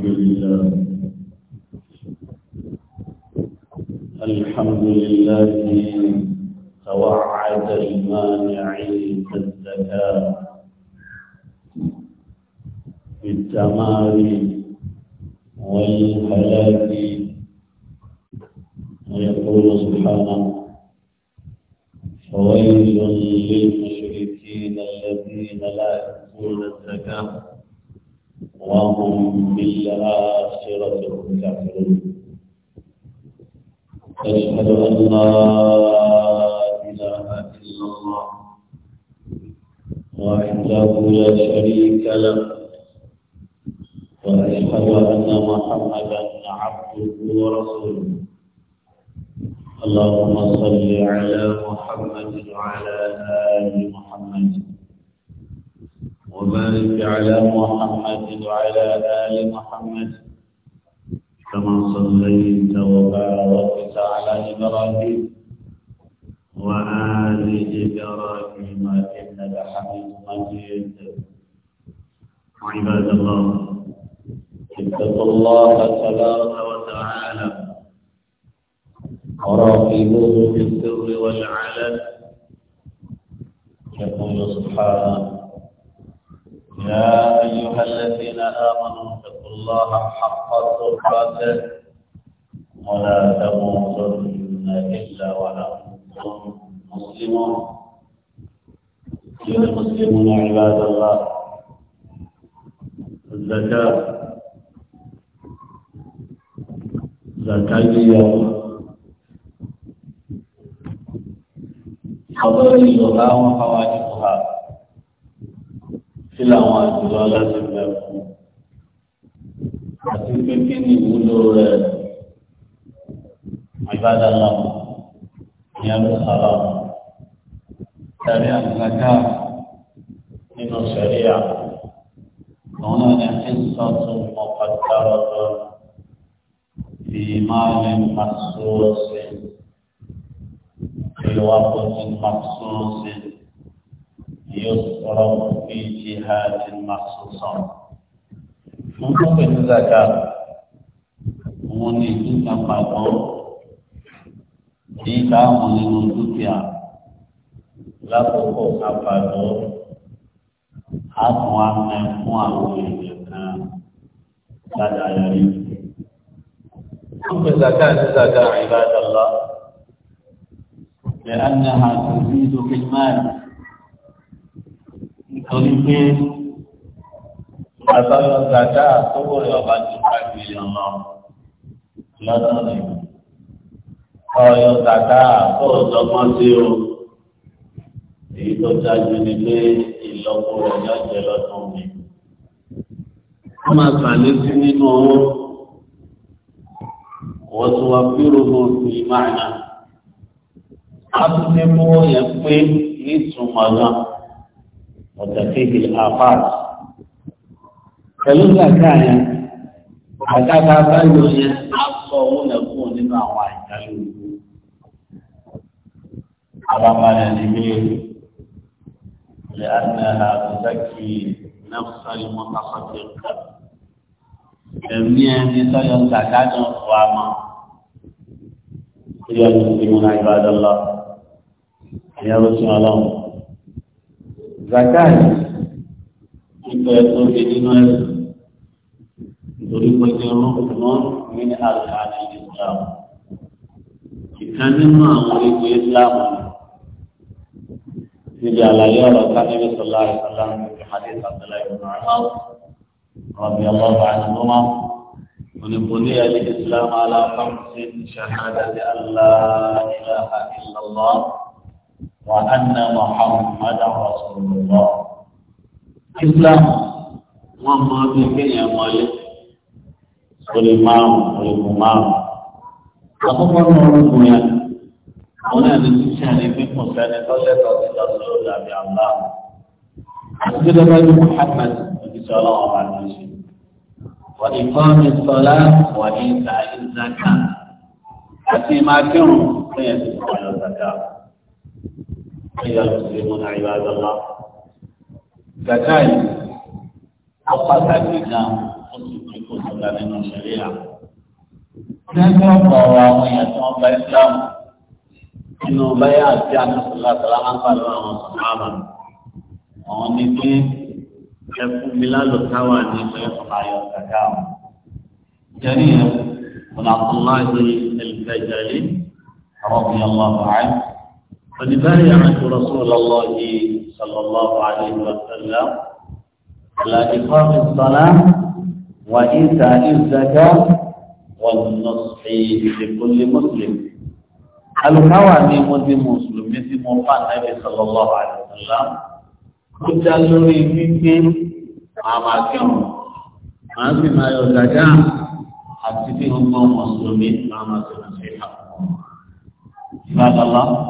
الحمد لله الحمد لله توعد المانعين الزكاة بالدمار والهلاك ويقول سبحانه فويل للمشركين الذين لا يؤتون الزكاه وهم بالآخرة هم كافرون أشهد أن لا إله إلا الله وحده لا شريك له وأشهد أن محمدا عبده ورسوله اللهم صل على محمد وعلى آل محمد وبارك على محمد وعلى آل محمد كما صليت وباركت على إبراهيم وآل إبراهيم إنك حميد مجيد عباد الله اتقوا الله تبارك وتعالى وراقبوه في السر والعلن يقول سبحانه يا أيها الذين آمنوا اتقوا الله حق تقاته ولا تموتن إلا وأنتم مسلمون أيها المسلمون عباد الله الزكاة زكاة اليوم حضر الله وفواتحها kí làwọn àjùlọ aláṣẹ fẹ́ fún àti pé ni ìwúlò rẹ̀ ìbádàlá ìyẹn ló sára tàbí àgbàká nínú sẹríà àwọn náà ní àkíńsọ tó mọ pàtàkì ọ̀dọ̀ fi máa ní màsúrò sí ìwà pọ̀ màsúrò sí. يصرف في جهات مخصوصة ممكن ذكاء موني جنة مدعو جيكا موني نزوكيا لابوكو كفادو أتوان نفوان ويجبنا لدى يريد ممكن ذكاء ذكاء عباد الله لأنها تزيد في المال torí pé àtàlọ gàdá àtọwọ rẹ ọba ti ká mílíọ̀n lọ lọ́dọ̀ rẹ ọyọ gàdá àtọwọdọgbọn sí o èyí tó dájú ni pé ìlọ́po rẹ yọjẹ lọ́dún mi wọn máa gbàlẹ sí nínú owó wọ́n tún wá bírò mọ́ sí máa a tún lè mú ọyàn pé nítumọ̀ náà. وتفيد الآفات فلما كان حتى تعتبر يحصون يكون ما هو على ما الإبل لأنها تزكي نفس المتصدق ẹ̀mí ẹni sọ́yọ́ sàkájọ́ fún àmọ́ عباد الله يا رسول الله zakari ipò ẹ̀tọ́ ti nínú ẹsẹ̀ nítorí pé ní ọlọ́pàá ní àlàyé islam ìkan nínú àwọn ipò islam níbi àlàyé ọ̀rọ̀ káníbi sọlá ìsọlá níbi hadith abdullahi ibn ahmad رضي الله عنهما من بني الإسلام على خمس شهادة أن لا إله إلا الله وأن محمد رسول الله إسلام وما بك يا مالك سليمان سليمان أقول ما رب يا أنا نسيتني في مسألة قلة رسول الله عبد الله أسجد محمد صلى الله عليه وسلم وإقام الصلاة وإيتاء الزكاة فيما كان فيزيد الزكاة أيها المسلمون عباد الله زكاة أقصى الإسلام أصبح كسرا من الشريعة زكاة قوامية ثم الإسلام إنه بيع في أن صلى الله عليه وسلم وصحابه àwọn ní pé ẹkún mi lálùkáwà ní pé ọ̀nàyọ̀ kàkà ọ̀. Jẹ́rí ẹ̀ ọ̀nà Abdullahi Al-Bajali, àwọn ọmọ ọmọ ọmọ فلبايعت رسول الله صلى الله عليه وسلم على إقام الصلاة وإيتاء الزكاة والنصح لكل مسلم القوانين دي مسلم دي موقع النبي صلى الله عليه وسلم كنت أجري فيكي أماكن ما في ما يزكى حتى فيهم مسلمين ما ما تنصيحة عباد الله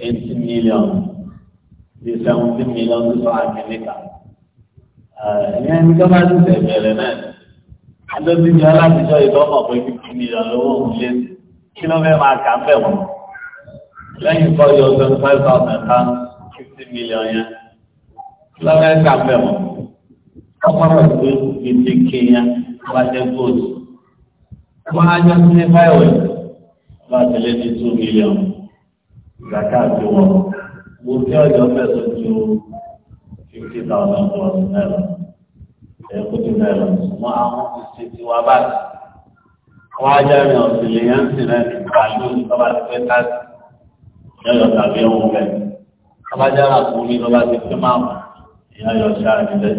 eighty million di seventy million tó sọ àmìlíkà ìyẹn ní kí wọ́n bá ti tẹ̀ bẹ̀rẹ̀ náà adóbi jẹ́ alábìjọ́ ìdánwò pé fifty million lówó òun lé kí ló fẹ́ máa kà ń bẹ̀ wọ́n lẹ́yìn kọ́ yọ twenty five thousand pounds fifty million yẹn kí ló fẹ́ kà ń bẹ̀ wọ́n ọkọ̀rọ̀ tó ti ti kéèyàn wá gold wọ́n á jọ sí ní báyìí wọ́n á tẹ̀lé ní two million zaka ju wọn mo tí ọjọ́ fẹ̀sùn ju fifty thousand plus náírà ẹ̀kútù náírà mọ àwọn ìṣe tiwa báyìí wọn ajá mi ọ̀sìn lè yẹn ń sìn náà ní pàlú ìjọba ti pẹ́ táàsì yọ̀yọ̀ tàbí ohun bẹ́ẹ̀ abájára kò ní lọ́ba ti pẹ́ máa wọ̀ ìyá yọ̀ ṣáà níbẹ̀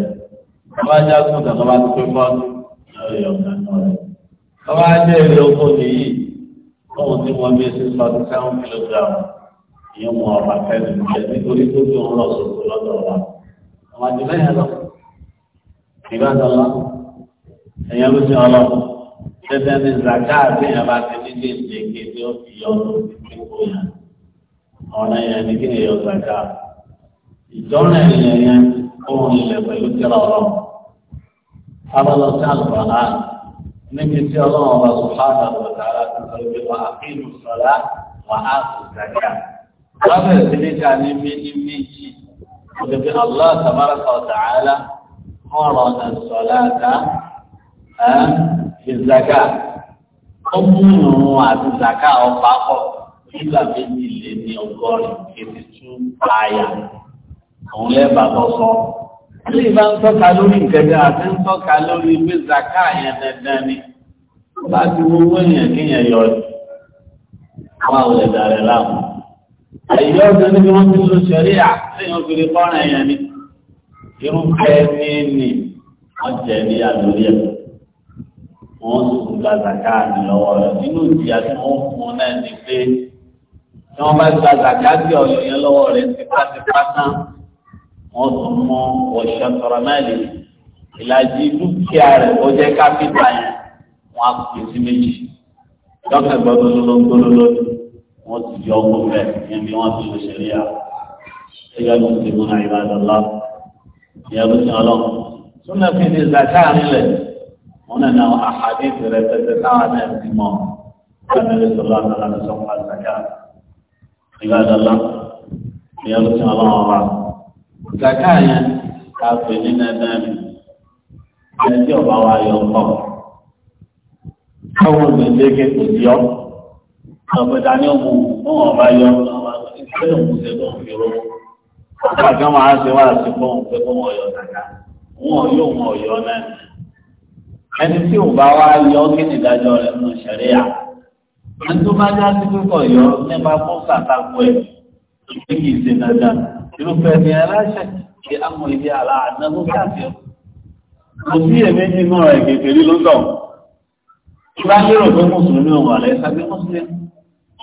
abájá kò tẹ̀ lọ́ba ti pẹ́ fọ́ọ̀tù yọ̀yọ̀ kan náà rẹ̀ lọ́ba ajá èrè oko nìyí ohun tí wọ́n bí sí forty seven kilogram ìyẹn mọ ọba fẹẹ lù jẹ nítorí tó tó ń lọ sòkò lọ́dọ̀ wa àwọn àti lẹ́yìn lọ ìgbàdàn lọ ẹyẹ ló ti ọlọ tẹtẹ ní zaka àti ìyẹn bá ti nílé ìdèké tí ó fi yọ ọdún títí kó yẹn ọ̀nà yẹn ní kí ni yọ zaka ìjọ́nà ìyẹn yẹn ohun ilẹ̀ pẹ̀lú tẹ́lẹ̀ ọlọ abala sí àlùbọ̀nà níbi tí ọlọ́run ọba sùn fáwọn àgbàdàrà tó sọ pé wà á kí ìlú sọlá wà á sùn zaka. Bábẹ̀ ìdílé ká ní méjì, òdòdó Allah tabaraka wa ta'ala, ọ̀rọ̀ ọ̀nà sọ̀láta, ìzàká, ó múnú àti ìzàká ọ̀pá pọ̀ nígbà méjì lé ní ọgọ́rin kìí tú àyà. Òun lẹ́bà bọ́ sọ. Ilé ìbá ń tọ́ka lórí ìkẹjẹ àti ń tọ́ka lórí pé zàká yẹn dandan ni. bá ti wo owó yẹn kéèyàn yọ ọ́. Àwọn àwọn ẹ̀dà rẹ̀ láwọn àyè ọdún níbi wọ́n ti lọ sọ̀rí à lẹ́yìn obìnrin kọ́ra ẹ̀yàn ni irúfẹ́ ní ní wọ́n jẹ̀ ní àlórí ẹ̀ wọ́n sùn gbàgbàká ní lọ́wọ́ rẹ̀ nínú ìdí àti wọ́n fún náà ní pé tí wọ́n bá gbàgbàká bí ọ̀yọ́ yẹn lọ́wọ́ rẹ̀ tipátipá tán wọ́n tún mọ́ ọ̀ṣọ́ tọrọ mẹ́lì ìlàjì dúkìá rẹ̀ ó jẹ́ kápítà yẹn wọ́n á pèsè méjì lọ́kàn gbọ́dọ̀ lọ́dún wọ́n ti yọ ọkọ̀ rẹ̀ yẹn bí wọ́n ti lè ṣẹlẹ̀ yà ẹgbẹ́ ló ti mú náà ìbá dọ̀lá ìyẹn ló ti ọlọ́ súnà fi ní zaka nílẹ̀ wọn nà náà àhàdí ìfẹ̀rẹ̀ tẹ́tẹ́ táwọn náà ti mọ̀ ẹgbẹ́ sọ̀rọ̀ àtàlà ní sọ́kọ̀ àzàkà ìbá dọ̀lá ìyẹn ló ti ọlọ́ ọ̀rọ̀ zaka yẹn ká pè ní nẹ́ẹ̀dẹ́rì ẹni tí ọba wa yọ ọkọ̀ káwọn gbèdéke kò sí ọ. ọ̀pẹ̀ta ní òkú fún ọba yọ ìṣẹ́lẹ̀ òkú sẹ́gbọ̀n yọrọ. ọ̀pá kan máa ṣe wá sí fún òkú fún ọ̀yọ́ dàda wọn yóò wọn ọ̀yọ́ náà. ẹni tí ò bá wá yọ kí ni ìdájọ́ rẹ̀ nù ṣẹ̀ríyà. ẹni tó bá já sí pípọ̀ yọ nípa fún sàtàkù ẹ̀ ìgbé kì ṣe dandan. irúfẹ́ ni aláṣẹ kí amọ̀ ilé aláàánú ló káàkiri. kò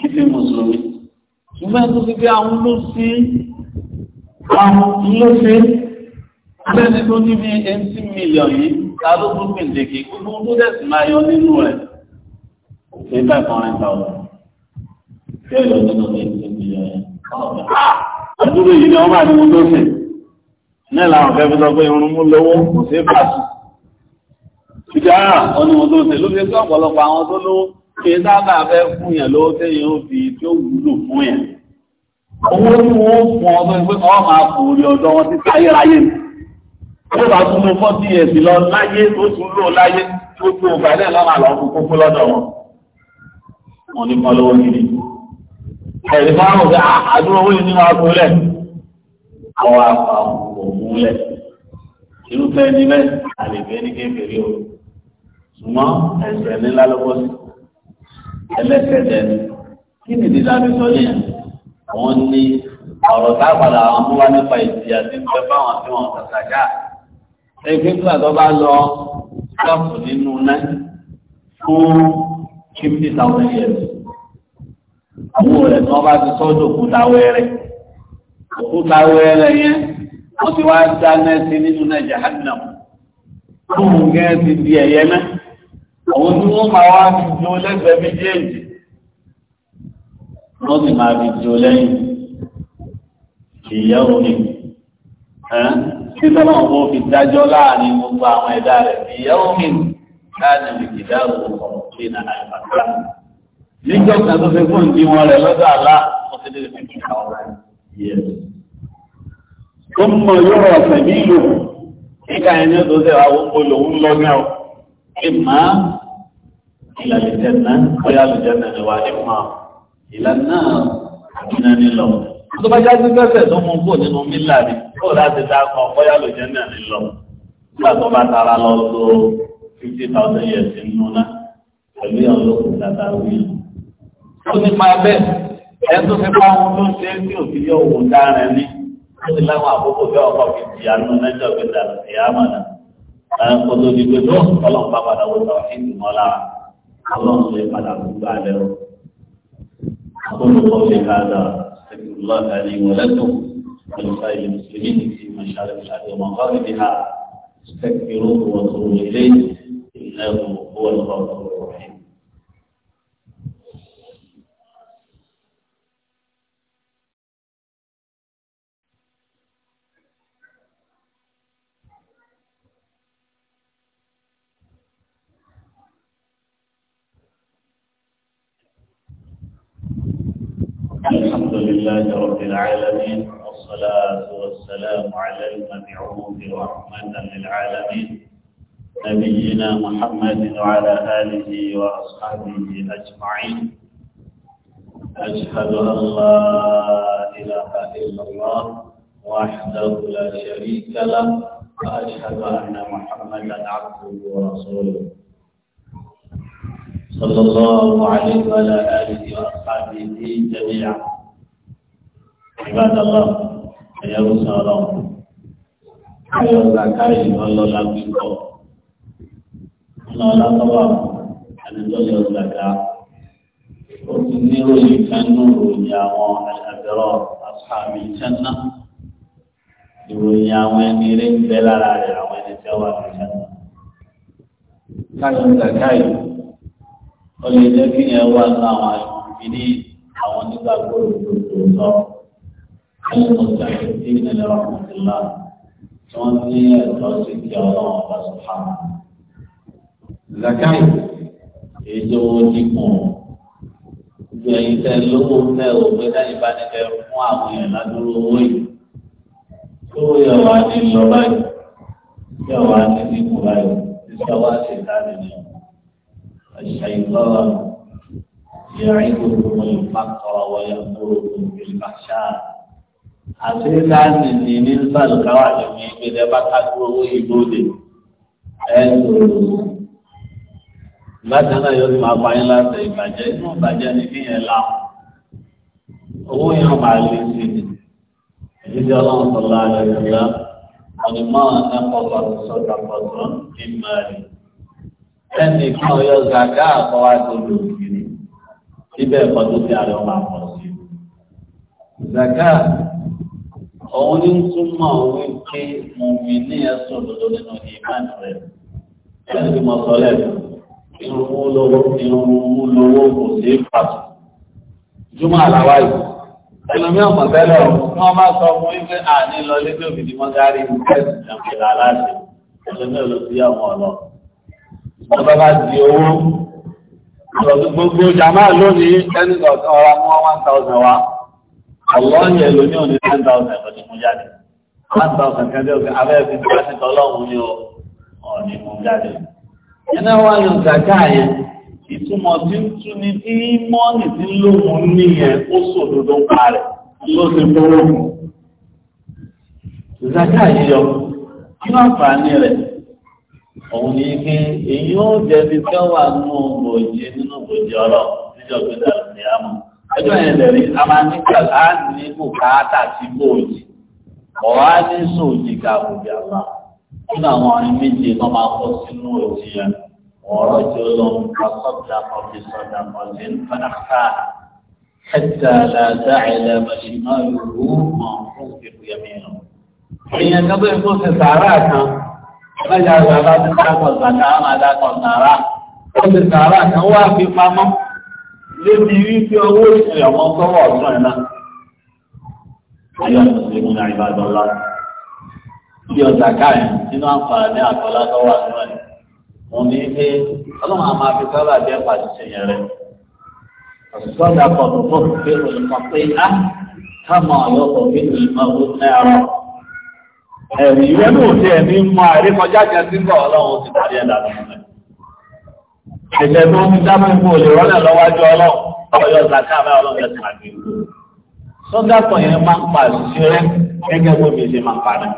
títí mùsùlùmí ṣùgbọ́n tó ti bí àwọn ló sí àwọn ló sí lẹ́ni tó ní bí ẹntí mílíọ̀n yìí tààrù tó pèndèkì gbogbo tó dẹ̀sì máa yọ nínú rẹ̀ ṣe bá ìkọrin ta ọ̀rọ̀ ṣe ìlọ nínú ní ẹntí mílíọ̀n yìí àdúró yìí ni wọ́n máa ní mo tó sè náà làwọn fẹ́ fi sọ pé irun mú ah! lówó kò sí fàṣù ìjà ọ̀nà lówó kí sábà fẹ́ fún yẹn lówó tẹ́yìn ó fi tí ó wúlò fún yẹn owó tí wọ́n fún ọdún ìpé kan máa fò rí ọ̀dọ́ wọn ti táyéráyé ó bá tún lọ fọ́tí ẹ̀sì lọ láyé ó tún lò láyé tó tó ọgbà náà lọ́nà lọ fún kókó lọ́dọ̀ wọn wọn ní kan lówó nílé ẹ̀rí máa ń rò pé àdúrà owó yìí ní máa fún lẹ̀ àwọn àpá òun lẹ̀ irúfẹ́ ní bẹ́ẹ̀ àlèbẹ́ ní kékeré o ṣùgbọ́n ẹ̀sẹ̀ ńlá lọ́wọ́ sí i ẹlẹ́sẹ̀dẹ̀ ni kí nìdí láti sọ yẹn wọ́n ní ọ̀rọ̀ táàpàdà àwọn tó wá nípa ìdí àti ń pẹ́ fáwọn tí wọ́n kàkà já ẹgbẹ́ nígbà tó bá lọ sọ́ọ̀pù nínú náà fún fifty thousand years àwọn rẹ̀ tí wọ́n bá ti sọ́dọ̀ òkúta wẹ́rẹ́ òkúta wẹ́rẹ́ yẹn wọ́n ti wá dáná sí nínú náà jahannam fún gẹ́gẹ́ ti di náà òun tí wọ́n máa wá fi jó lẹ́gbẹ̀ẹ́ méjèèjì wọ́n sì máa fi jó lẹ́yìn ìyá omi kí sọ́nà òun fi dájọ́ láàrin gbogbo àwọn ẹ̀dá rẹ̀ ìyá omi láàrin ìgbìdá òun ọ̀rọ̀ sí nàá ìfàkà níjọ́ kan tó fi fún ìdí wọn rẹ̀ lọ́dọ̀ àlá wọ́n ti lè fi kí àwọn ọ̀rẹ́ yẹ tó mọ yóò ọ̀sẹ̀ bí ìlú kíkà ẹni tó ṣe àwọn olówó lọ́gbẹ̀ọ́ إلى الجنة ويا الجنة وعلمها إلى النار من الله tó bá jáde pẹ́fẹ́ tó mú kó nínú mílà ni kó láti dákọ̀ bóyá ló jẹ́ náà nílọ nígbà tó bá tara lọ tó fifty thousand years nínú náà pẹ̀lú ìyàwó lókun dáadáa wí. ó ní máa bẹ́ẹ̀ ẹ tó fi bá wọn tó ṣe é tí òbí yóò wò dára ní ó ti láwọn àkókò bí ọkọ̀ fi ti àánú lẹ́jọ́ pé dàrú sí àmàlà. kó di pé tó ọlọ́run bá padà wọ́n sọ fún ìgbìmọ̀ اللهم صل على عبده أقول قولي هذا أستغفر الله لي ولكم ولسائر المسلمين في مشارق الأرض ومغاربها استغفروه واتوبوا إليه إنه هو الغفور لله رب العالمين والصلاة والسلام على المبعوث رحمة للعالمين نبينا محمد وعلى آله وأصحابه أجمعين أشهد أن لا إله إلا الله وحده لا شريك له وأشهد أن محمدا عبده ورسوله صلى الله عليه وعلى آله وأصحابه جميعا ìbádọ́lọ́ ẹ̀yẹ́wò sọ̀rọ̀ káyọ̀ zakari ọlọ́lá gbígbọ́ ọlọ́lá tọ́wọ́ àdìjọ́lẹ̀ ọ̀zàká ó ti ní ròyìn kánú ròyìn àwọn àṣàbẹ̀rọ̀ àṣàmì ìṣẹ́nà ìròyìn àwọn ẹni eré ń bẹ lára rẹ̀ àwọn ẹni tẹ́ wà ní ìṣẹ́nà káyọ̀ zakari ó lè jẹ́ kí ẹ wá المستحقين لرحمة الله توني توسيك يا الله سبحانه زكاة يزوجكم ẹ̀yin tẹ́ lówó tẹ́ o pé lẹ́yìn bá ní kẹ́ fún àwọn èèyàn ládùúgbò owó yìí tó yẹ wá ní lọ báyìí yẹ wá ní dínkù báyìí títí wá ṣe láti ní àṣà ìlọrin yẹ àìkú tó mọ ìpàkọ́ ọ̀wọ́ yẹ kúrò tó fi bàṣà. àti láti ní ní sàlùkáwà ní ní ìgbèdè bá kájú owó ìbò lè ẹnu láti náà yóò máa pa yín láti ìbàjẹ́ inú ìbàjẹ́ ní kíyẹn láwọn owó yẹn máa lè sí ni ìdíje ọlọ́run sọlá àjọyọ̀ àdìmọ́ ẹ̀kọ́ sọ̀tà pọ̀tọ́ ní mẹ́rin ẹnì kan yọ gàgá àkọ́wá tó lòdì níbẹ̀ ẹ̀kọ́ tó ti àrẹ ọmọ àpọ̀ sí i gàgá òun ní túmọ̀ wípé mọ̀mí ní ẹ̀sùn òdodo nínú ìmáà rẹ̀ ẹ̀sùn tí mo sọ lẹ́nu irunmú lówó irunmú lówó kò sí pàtó júmọ̀ àláwá yìí ẹlòmí ọ̀pọ̀ tẹ́lẹ̀ ọ̀ tí wọ́n bá sọ fún wípé àní lọ lébí òbídì mọ́gárì ẹ̀sùn ìjàmbá aláṣẹ ẹlòmí olùsíyàwó ọ̀lọ́ ọba bá di owó gbogbo jàmáà lónìí ẹnì àwọn yẹn ló ní òní ten thousand lọ ní mo jáde one thousand kan dé òkè abẹ́rẹ́ fi bá ti tọ́lọ́hún ní òní mo jáde. ẹnà wà yóò gàgá yẹn ìtumọ̀ tí ń tú ni tí mọ́ọ̀nì tí ń lóhun nìyẹn ó sòdodo ń pa rẹ̀ ló ti fowó mu. Zaka yíyọ, kí wọ́n fàánì rẹ̀? Òun ni pé èyí ó jẹbi kẹwàá nù bòjì nínú bòjì ọ̀rọ̀ níjọ́ gbé ẹjọ́ yẹn lẹ́rìí a máa ní kí ọ̀la ní bùkátà sí bóòjì ọ̀wá ní sòòjì ká òbí àlá nínú àwọn ọ̀rìn méje tó máa kọ́ sínú òjì yẹn ọ̀rọ̀ tí ó lọ ń ka sọ́dà kọfí sọ́dà kọfí ń fẹ́ náà حتى لا تعلم شماله ما تنفق يمينه ìyẹn kan tó ń tó ṣe sàárà kan mẹ́ta sàárà ti sáàkọ̀ sàkà máa dákọ̀ sàárà ó ṣe sàárà kan wá fi pamọ́ lébi wípé owó ìṣẹ̀lẹ̀ ọmọ sọ́wọ́ ọ̀tún ẹ̀ náà. Ayé ọ̀sẹ̀ ṣe mú ní àìbàdàn lá. Bí ọjà káyìn nínú àǹfààní àkọlá tó wà nínú ẹ̀. Mo ní pé ọlọ́run àmọ́ afi sábà jẹ́ pàṣẹ yẹn rẹ̀. Ọ̀sọ́dà kọ̀tù tó fi olùkọ́ pé á káàmọ̀ ọ̀yọ́ kò fi olùkọ́ tó náírà. Ẹ̀rí ìwé ní òde ẹ̀mí mọ àríkọjá jẹ sí bọ̀ ti parí ẹ̀dá lọ́wọ́ ẹ̀jẹ̀ tó ń dábò ń gbòòlè rọ́lẹ̀ lọ́wájú ọlọ́run ọ̀yọ́ zaka bá ọlọ́run ẹ̀sìn àgbè. sọ́dà kan yẹn máa ń pa àṣìṣe rẹ gẹ́gẹ́ bó mi ṣe máa pa rẹ.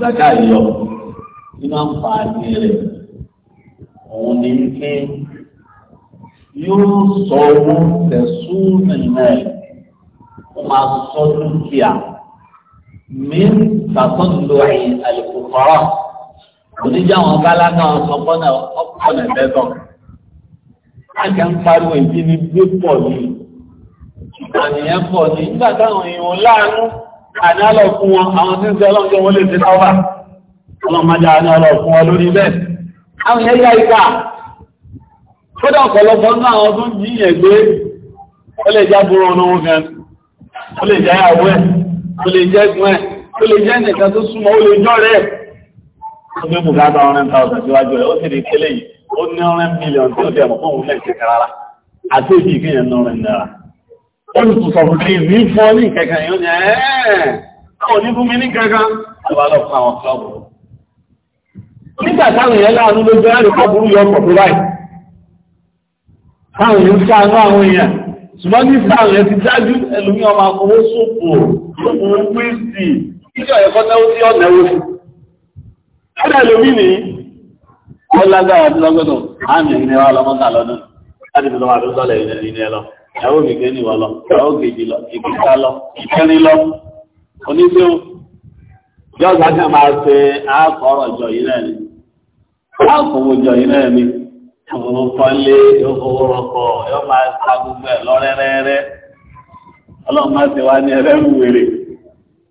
zaka yọ ní máa ń pa àṣìṣe rẹ òun ni wípé yóò sọ owó tẹ̀sùn nìyẹn ó máa sọ dúkìá mi tàtọ́ lórí àlùkò fọ́rọ́ oníjà wọn bálágà ọ̀sọ̀kọ́nà ọ̀pọ̀nà ẹ̀bẹ̀bọ̀. Àjà ń pariwo ìdí ni gbé pọ̀ ní. Àníyàn pọ̀ ní. Nígbà táwọn èèyàn láàánú àníálọ̀ fún wọn, àwọn tí ń sọ ọlọ́jọ́ wọn lè ti táwà. Ọlọ́mọdé àníálọ̀ fún wọn lórí bẹ́ẹ̀. Àwọn yẹn yá ìgbà. Kódà ọ̀pọ̀lọpọ̀ náà àwọn tó ń jíyàn gbé. Ó lè já búrọ̀ ọ̀nà wọn gan. Ó lè já ìyàwó ẹ̀. Ó lè jẹ́ ẹ̀gbọ́n ẹ̀. Ó lè jẹ́ ẹnìkan tó súnmọ́. Ó lè jọ́ rẹ̀ ó gbé bùkátà ọ̀rẹ́ tàwùsàn síwájú rẹ̀ ó sì rí kélé yìí ó ní ọ̀rẹ́ mílíọ̀n tí ó ti ẹ̀mọ̀ fóun lẹ́ẹ̀kẹ́ rárá àti èjì kéèyàn ní ọ̀rẹ́ náírà ó sì tún sọ fún kí ní fún ọ ní kẹ̀kẹ́ yóò ní ẹ̀ẹ́ káwọn ní fún mi ní kẹ̀kẹ́ àwa lọ fún àwọn kílọ̀bù nígbà táwọn èèyàn láàánú ló jẹ́ àrùn Ọ̀dà lómi ni wọ́n lágbára tí lọ́gbọ́dọ̀, àmì ìní wa lọ mọ́ta lọ́dún, láti fi lọ́wọ́ àdúgbọ́lẹ̀ ìrìn ní ẹlọ, ìyàwó gègé ní wọ́lọ, ìyàwó gègé lọ, ìgbìta lọ, ìkẹrin lọ, oníṣẹ́ yóò sáké máa ṣe àkọ́rọ̀ jọ yìí náà ni. Àkọ́wò jọ yìí náà ni, àwọn kọ́lé, owó rọ̀kọ̀, yóò máa sa gbogbo ẹ̀ lọ́rẹ́rẹ́rẹ́. Ọlọ́run máa ṣe wá ní ẹrẹ́rù wèrè.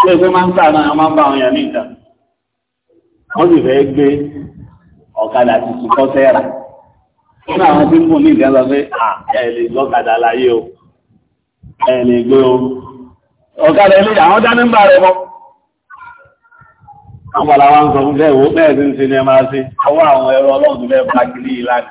tí ẹgbẹ́ máa ń tà náà máa ń bá àwọn èèyàn ní ìta wọ́n sì fẹ́ gbé ọ̀kadà tuntun kọ́ sẹ́ra nínú àwọn tí ń mú ní ìdáná pé ẹ lè lọ́kadà láyé o ẹ lè gbé o ọ̀kadà ilé àwọn dání ń bá rẹ mọ́ àwọn àlàwọn sọ fún bẹ́ẹ̀ wo bẹ́ẹ̀ ti ń ṣe ní ẹ máa ṣe ọwọ́ àwọn ẹ̀rọ ọlọ́run bẹ́ẹ̀ bá kiri ìlànà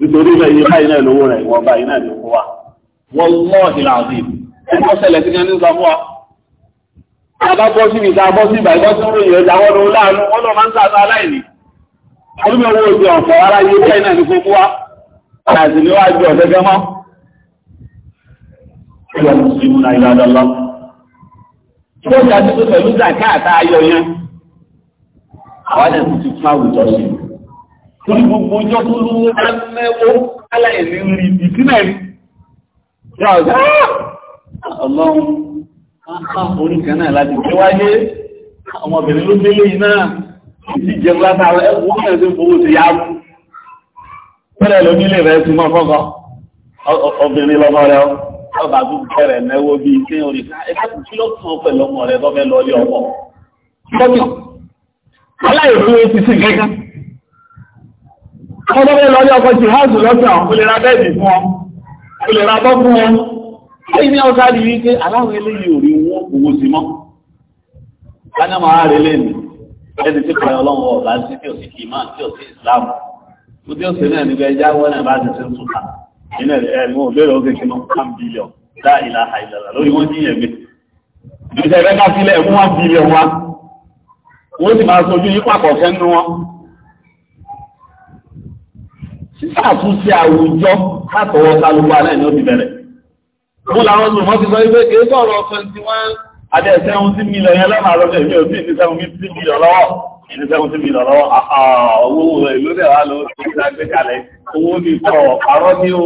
nítorí ilẹ̀ yìí báyìí náà lówó rẹ̀ ìwọ̀n báyìí náà ló kó wa wọ́n mọ́ ìlànà ẹ̀kọ́ ṣẹlẹ̀ sí kan ní sọ fún wa. Àbá bọ́ síbi ìta bọ́ sí ìbàgbọ́ tó ròyìn ọjà wọ́n lọ láàánú wọ́n lọ máa ń sàtọ aláìní. Olúmi owó ojú ọ̀fọ̀ ara yìí bẹ́ẹ̀ náà ní kókó wa. Àti ní wájú ọ̀fẹ́ fẹ́ mọ́. Ìwà Mùsùlùmí náà ìlànà torí gbogbo ọjọ́ tó lówó bá mẹ́wó aláìní rí ìdí náà rí yà ọ̀dá ah, ọlọ́run ká ah, ah, orí kan náà láti gbé wáyé ọmọbìnrin ló délé iná ìdí jẹun látara ẹwọ́n náà tó fowó ti yáwó pẹ́lẹ̀ ló nílé rẹ̀ ti mọ́ fọ́kọ́ obìnrin lọ́mọ rẹ̀ ọba tó bẹ̀rẹ̀ náwó bí i tí orí ká ẹ̀ká kí ló kàn pẹ̀lú ọmọ rẹ̀ tó fẹ́ lọ ilé ọmọ ọlọ́wọ́ lọ ní ọkọ̀ jihadu lọ́sẹ̀ àwọn olè ra bẹ́ẹ̀dì fún ọ olè ra bọ́ fún ọ lẹ́yìn ní ọ̀sá rí wípé aláwọ̀ eléyìí ò rí wọn owó sí mọ́ lánàá máa rẹ lẹ́nu ẹni tí kọ̀ọ̀ ọlọ́wọ́ ọ̀la sí tí ò sí kì í máa tí ò sí Islam mo tí ó sì náà nígbà ẹja wọn náà bá ti ṣe ń túta nínú ẹ̀rí wọn ò bẹ̀rẹ̀ ó kékeré mọ́ one billion dá ìlà àìlàlà lórí wọn ní ẹ̀mí ìṣẹ̀rẹ́ ká sílẹ̀ fún one billion wa wọ́n sì máa sojú yípa kọ̀ọ̀kẹ́ nínú wọn ṣíṣàtúnṣe àwùjọ látọwọ́ kálukú alẹ́ ní ó ti bẹ̀rẹ̀. Mo làwọn ọdún wọn ti sọ wípé kìí sọ̀rọ̀ twenty one àti ẹ̀sẹ̀ ohun tí mi lọ yẹn lọ́nà àlọ́jọ́ ìbí òbí ìdí sẹ́wọ́n mi ti mi lọ lọ́wọ́ ìdí sẹ́wọ́n ti mi lọ lọ́wọ́ owó ìlú rẹ̀ wá lọ sí ìdágbé kalẹ̀ owó ní kọ̀ ọ̀pàrọ̀ ní o.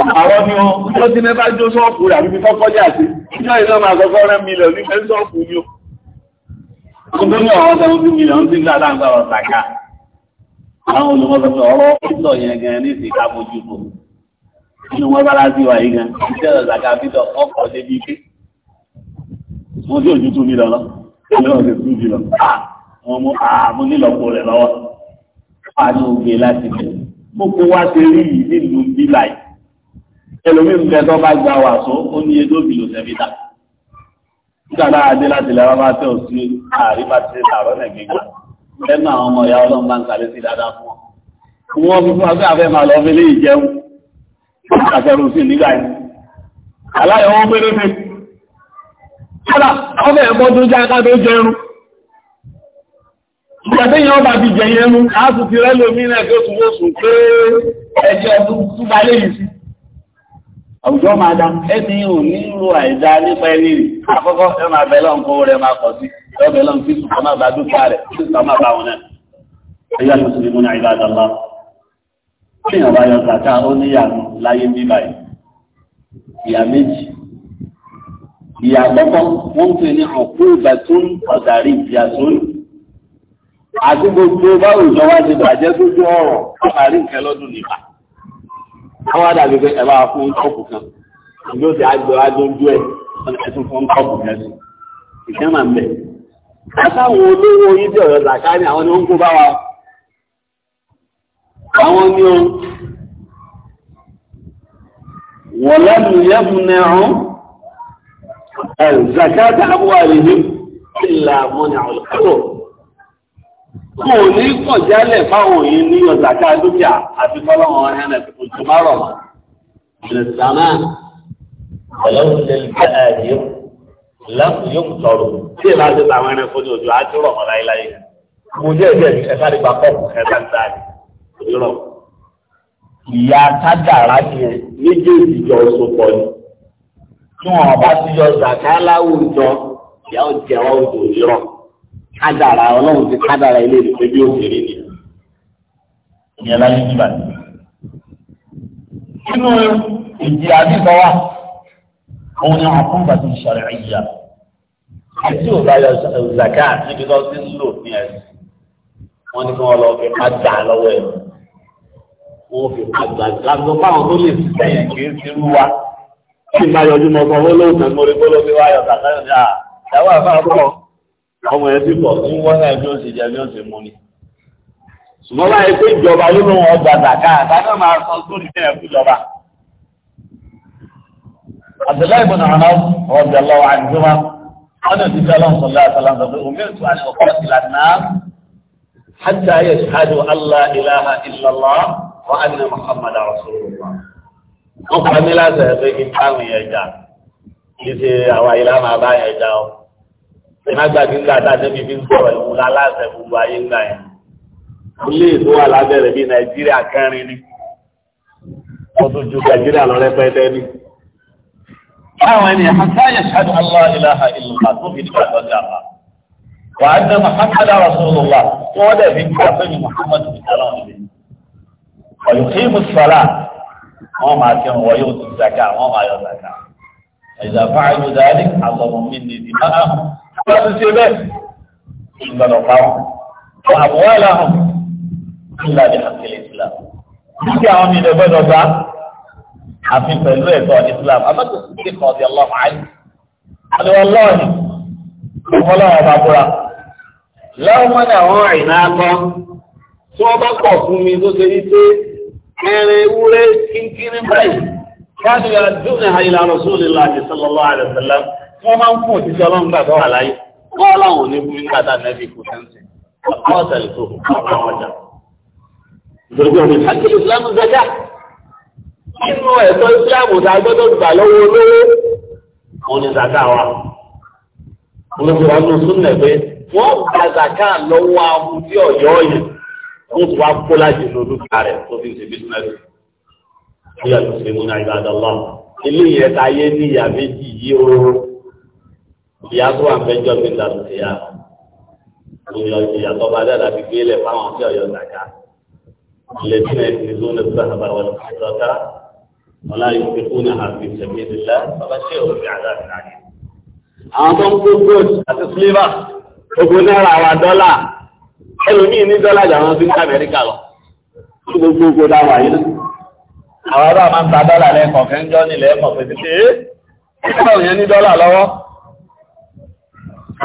ọ̀pàrọ̀ ní o ó ti mẹ́fà jó sọ́ọ̀fù rẹ̀ àbíbí fọ́kọ́jà sí ìjọ ìlú máa kọ́kọ́ rẹ̀ mi lọ ní fẹ́ sọ́ọ̀fù ni o. Ọdún ní ọ̀rọ̀ sẹ́wọ́n ti mi lọ ń ti ń dáadáa ń sọ̀rọ̀ àwọn olùmọ̀sọ̀tọ̀ ọ̀rọ̀ pítọ̀ yẹn gan ní ìsìn ká mojú bò nínú wọn bára sí wà yìí gan iṣẹ́ ọ̀sàkà pítọ̀ ọkọ̀ débi pé wọ́n tí òjú tún nílọ lọ lọ́wọ́ sí tún nílọ wọ́n mú àmú nílọ̀pọ̀ rẹ̀ lọ́wọ́ àánú gbé láti bẹ̀ mo kó wá sí rí yìí nílùú bílà yìí ẹlòmíì ń bẹ tó bá gba wàásù ó ní edó bìlò sẹ́fítà nígbà náà adé láti lẹ́wọ́ bá tẹ̀ òsì àrí bá ti lẹ́nu àwọn ọmọ ìyá ọlọ́run bá ń kàlẹ́ sí dáadáa fún wọn. Wọ́n fi fún afẹ́ àfẹ́ máa lọ fi lé ìjẹun àfẹ́rù sí nígbà yìí. Aláyọ̀ wọn pé lóde. Kọ́lá, ọbẹ̀ ẹ̀kọ́ tó já ká tó jẹun. Ìgbà tí ìyẹn ọba ti jẹ yẹn a sì ti rẹ́ lómi náà tó tún wó sùn pé ẹjẹ́ ọdún túbalẹ̀ yìí sí àwùjọ máa da ẹni ò ní ro àìdá nípa ẹni rì àkọ́kọ́ ẹ máa bẹ̀ lọ́n kó rẹ máa kọ̀ sí ẹ bẹ̀ lọ́n kí sùkọ́ máa bá dúkìá rẹ̀ kí sùkọ́ máa bá wọn náà. ẹyá ló ti mú ní àìdá àdàlá kí ìyàwó ayọ̀ kàkà ìyá méjì ìyá àkọ́kọ́ wá ti bàjẹ́ tó jọ ọ̀rọ̀ àwọn àdàbí pé ẹ̀bá fún tọ́pù kan ìjọ ti àjọ adójú ẹ̀ ẹ̀tún fún tọ́pù kan sí ìjẹ́mà ń bẹ̀. látàwọn olówó ibi ọ̀rọ̀ zàká ni àwọn ni ó ń kó bá wa àwọn ni ó wọ̀n lẹ́nu yẹ́fun nẹ́rún ẹ̀ zàká dáàbò àlejò ìlà àwọn olùkọ́ kò ní kọ̀jálẹ̀ fáwọn òyìn ní ọ̀zàká dúkìá àti fọ́lọ́wọ́n ẹ̀rẹ́ tó tó má rọ̀ mọ́. ìrìnsàmá ọ̀lọ́run ṣe ń bá ẹ̀dí lẹ́kùn yóò tọrọ tí èèyàn ti tàwọn ẹran fún ní ojú àti rọ̀ mọ́ láéláé. mo jẹ́ ìjẹ́ ẹ̀fà nípa kọ́ọ̀pù ẹ̀fà ń dáa ní rọ̀. ìyá kádàrá yẹn méjèèjì jọ sopọ̀ ni. tí wọn bá ti yọ zàká láwùjọ ìyá ọjà ọ̀ kádàrà ọlọ́run ti kádàrà ilé ìdíje bí òkèèrè ni ìyẹn láyé nígbà tí. nínú ìdí àdìgbò wa òun ni àwọn fúnbà ti sọ̀rọ̀ ìyá àti òbáyọ zaka níbi tó ti ń lò ní ẹsẹ̀ wọn ni kí wọn lọ fi má gbà lọ́wọ́ ẹ wọn fi má gbà lágbo fáwọn tó lè fi sẹ́yìn kì í fi rú wa kí n bá yọjú mọ sọ wọn lóòótọ́ mórí gbọ́dọ̀ bí wáyọ zaka yọ ní à ẹwà fáwọn bọ ọmọ yẹn ti pọ̀ ń wọ́n náà bí ó ṣe jẹ bí ó ṣe mú ni. ṣùgbọ́n láyé pé ìjọba ló lóun ọgbà zàká àtàkà máa sọ sórí bẹ́ẹ̀ fún ìjọba. Abdullahi bin Anam ọ̀dọ̀ lọ́wọ́ àdúgbò wọn náà ti fẹ́ lọ́n sọ̀lá àtàlà ń sọ pé omi ìtura ni ọkọ̀ ti là ná. Hatta yashhadu Allah ilaha illallah wa anna Muhammad rasulullah. Wọ́n pa mí láti ẹ̀fẹ́ kí táwọn yẹn jà. Kì í ṣe ìlànà àbáyẹn jà ọ́ ìnágbàdì ńlá àtàdébí fi ń sọ̀rọ̀ ìwúlò aláṣẹ gbogbo ayé ńlá yẹn. ilé ètò wà lábẹ́rẹ̀ bíi nàìjíríà kẹrin ni wọ́n tún ju nàìjíríà lọ rẹpẹtẹ ni. báwọn ènìyàn hasan yashhadu allah ilaha illa tó fi dìbò àtọ́jà wa. wà á dẹ́ muhammad rasulullah tí wọ́n dẹ̀ fi ń gbà sẹ́yìn muhammad sallam níbi. ọ̀yùkí musala wọ́n máa kí wọ́n yóò tún zaka wọ́n máa yọ zaka. ìzàfáà wọ́n ti ṣe bẹ́ẹ̀ ìgbọ̀nà pàwọn wọ́n àbúwá ìlànà nígbà ní àkìlẹ̀ islam níbi àwọn mi lẹ́gbẹ́ dọ́gba àfi pẹ̀lú ẹ̀tọ́ islam abájọ sí kí kan ọ̀dí ọlọ́run ayé wọ́n ni wọ́n lọ́ọ̀nì ọmọlọ́wọ́ bá búra lọ́wọ́ mọ́ ní àwọn àìná akọ́ tí wọ́n bá pọ̀ fún mi tó ṣe wípé ẹ̀rẹ̀ ewúrẹ́ kínkínní báyìí wọ́n ti yàrá dúnà wọ́n máa ń fún òṣìṣẹ́ ọlọ́run gbà tó wà láyé kọ́ ní fún nígbà nẹ́bí kò sẹ́ńsì àwọn a gbọ́dọ̀ gbà lọ́wọ́ olówó òun ni zàkà wa. Olóṣèlú wa nù sún nẹ̀gbẹ́ wọ́n gba zàkà lọ́wọ́ amúdí ọ̀yọ́ yẹn wọ́n ti wá kó láti lo olúkà rẹ̀ ìyá tó wà mẹjọ mi là ń tẹ̀yà ìyọ̀ ìyà tó bá dára fi gbé lẹ̀ fáwọn tí ọ̀yọ́ dàgá ilẹ̀ tí náà ti zó ní sábà wọn lọ́tà wọn láyé fi kú ní àfi sẹ̀mí ìdílá bàbá ṣé o fi àdá sí àyè. àwọn tó ń kó gold àti silver gbogbo náírà wa dọ́là ẹlòmíì ní dọ́là làwọn fi ń ká Amẹ́ríkà lọ kí gbogbo gbogbo dáwà yìí àwọn ará máa ń ta dọ́là lẹ́kọ̀ọ́ kẹ́ńjọ́ nílẹ̀ ẹ̀kọ́ pẹ̀lú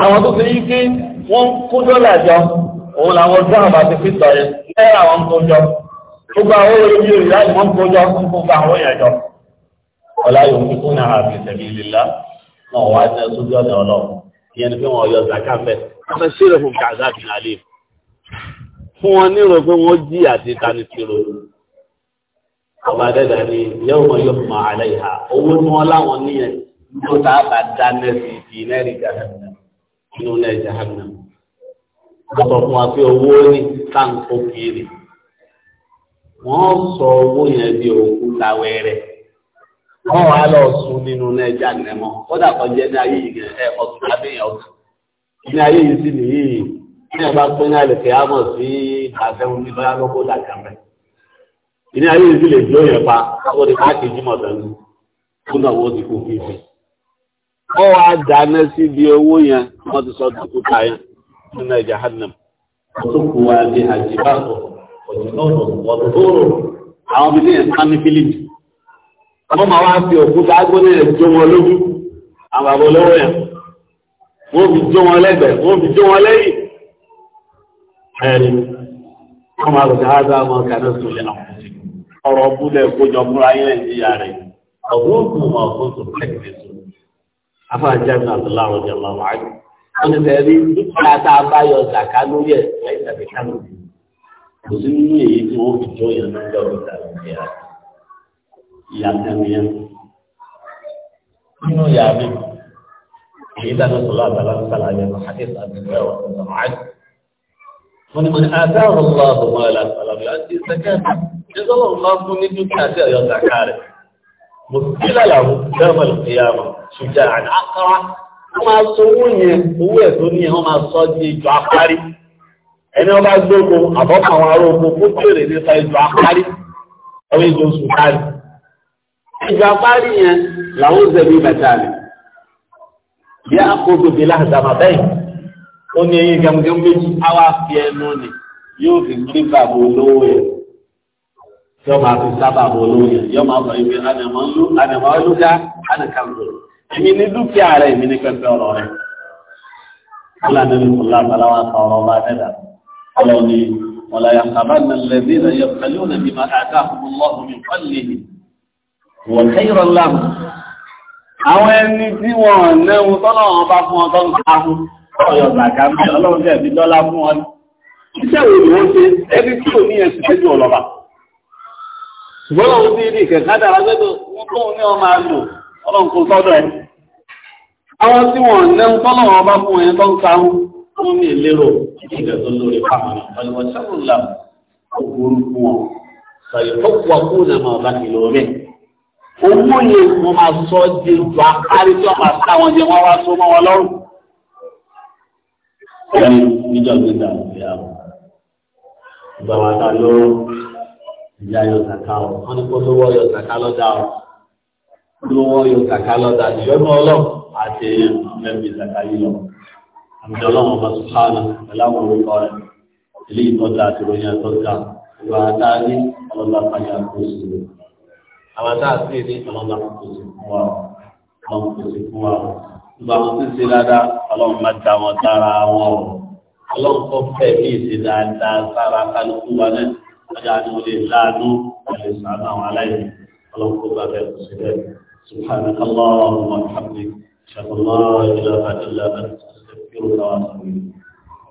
àwọn tó ti yí pé wọ́n kó dọ́là jọ òun làwọn ọdún àwọn àti pítọ̀ yẹn náírà wọn kó jọ gbogbo àwọn olóyè rẹ̀ láti wọ́n kó jọ fún gbogbo àwọn èèyàn ọ̀la yòó fi kún náà àbí ìṣẹ̀lẹ̀ ìlera náà wà ní ẹ̀sùn bí ọ̀dọ̀ ọlọ́run ìyẹn pé wọ́n yọ zaka ọmọ ṣẹlẹ̀ fún kàzá bìnálẹ̀ fún wọn nírò pé wọ́n jí àti tanisiro ọba dẹ́dà ni yẹ́wò wọn yóò fún àlẹ́ ìhà owó tí wọ́n láwọn níyẹn ló inú ilẹ̀ jahannam wọ́n sọ fún wa pé owó ní táǹkó kiri wọ́n sọ owó yẹn di òkúta wẹ́rẹ́ wọ́n wá lọ sùn nínú ilẹ̀ jahannam kódà kan jẹ́ ní ayé yìí ẹ̀ ọ̀tún lábẹ́yìn ọ̀tún ní ayé yìí sì nìyí ní ẹ̀ bá pín ní àlèkè àmọ̀ sí àfẹ́hùn ní báyà lọ́kọ́ làkàmẹ́ ní ayé yìí sì lè dúró yẹn pa káwọn ní káàkiri jùmọ̀ tán ní kúndà ti kú fífi ọ wá dáná sí ibi owó yẹn wọ́n ti sọ dùkúta yẹn nínú ẹ̀jẹ̀ hannam tó kù wá ní àjíbá àwọn ọmọ ilé ẹ̀sán ní philip wọ́n máa wá fi òkúta agbóná ẹ̀ jó wọn lójú àwọn àbọ̀ lọ́wọ́ yẹn wọ́n fi jó wọn lẹ́gbẹ̀ẹ́ wọ́n fi jó wọn lẹ́yìn ẹ̀rí wọ́n máa lọ́jà áza wọn kàná sólẹ̀ ọ̀rọ̀ ọ̀bùlẹ̀ kójọ fúnra yẹn ìyá rẹ̀ ọ̀gbọ́n afa jami abdullahi ọjà lọ́wọ́ àjò wọn ti tẹ̀lé dúkìá tá a bá yọ zaka lórí ẹ̀ lẹ́yìn tàbí kánò bí kò sí nínú èyí tí wọ́n fi jó yẹn ní ọjọ́ ìta ìgbéra ìyá tẹ̀wéyẹn nínú ìyá mi èyí tá a lọ sọ̀rọ̀ àbálá ń sàlà yẹn àti àbẹ̀rẹ̀ wà ní ọ̀rọ̀ àjò wọn ni mo ní àtàwọn ọlọ́ọ̀bù mọ́ ẹ̀ lásán lọ́wọ́ àti ìsẹ̀kẹ́ ẹ̀ mùsùlùmí làwọn yọmọ ìyàwó ṣùjà àkàrà wọ́n máa sọ owó yẹn owó ẹ̀ tó ní wọ́n máa sọ di ìjọ apárí ẹni wọ́n bá gbogbo àbọ̀kọ̀ àwọn ará oko kó bèrè nípa ìjọ apárí ọwọ́ ìjọ oṣù kárí ìjọ apárí yẹn làwọn zẹbi mẹ́ta rẹ bí a kó gbogbo láàzàmà bẹ́ẹ̀ ó ní eyín gamgam méjì á fi ẹnu ni yóò fi gbé bàbá olówó yẹn yọ máa fi sábà bọ̀ lóyè yọ máa sọ ibi ànàmọ́ ọlúgá ànàkàndò èmi ní dúkìá rẹ̀ èmi ní pẹ́pẹ́ ọ̀rọ̀ rẹ̀ fúlàní ní fúlàní aláwọ̀ kan ọ̀rọ̀ bá dẹ́dà ọlọ́run ni wọ̀lá yàtàbá nà lẹ́bí rẹ̀ yẹ pẹ̀lú nàbí máa dáadáa fún ọlọ́run mi pọ́lì ni wọ́n kẹ́yọ̀rọ̀ láàmù àwọn ẹni tí wọ́n náwó tọ́lọ́ wọn bá ẹni tí ò ní ṣùgbọ́n òun ti rí ìkẹ̀kẹ́ dára gbẹ́dọ̀ wọn tó ní ọmọ àlò ọlọ́run kò sọ́dọ̀ ẹ̀. àwọn tí wọ́n ń lẹ́nu tọ́lọ̀ wọn bá fún ẹni tó ń sa wọn wọn ní ìlérò ìdílé tó lórí fáwọn ọ̀pọ̀lọpọ̀ sẹ́wọ̀n là ògùn fún wọn sọ̀rọ̀ tó pọ̀ kú ní ọmọ ọba kìlọ̀ rẹ̀. owó yẹn mo máa sọ di ìgbà kárí tí ọmọ àti àwọn jẹ wọn wá so mọ́ wọn lọ́rùn. ìjọba ìgbà ìyá yọ zaka ọ wọn ni polówó yọ zaka lọ́dà ọ polówó yọ zaka lọ́dà ìyọnu ọlọ́run àti mẹ́bí zaka yìí lọ àmì ọlọ́run ọba sùpáànà pẹ̀lú àwọn orúkọ rẹ̀ ilé ìtọ́jà àti ìròyìn àtọ́jà ìwà àdáyé ọlọ́dà pàjá àkóso àwọn àdá àti èdè ọlọ́dà àkóso fún wa ọlọ́run àkóso fún wa gbogbo àwọn tó ṣe dáadáa ọlọ́run má dá wọn dára wọn ọlọ́run kọ́ fẹ́ẹ́ bí ìṣe dáadáa sára kálukú wa náà. واجعله لي لعنه عليه اللهم صل على سيدنا سبحانك اللهم وبحمدك أشهد الله لا إله إلا أنت أستغفرك وأتوب إليك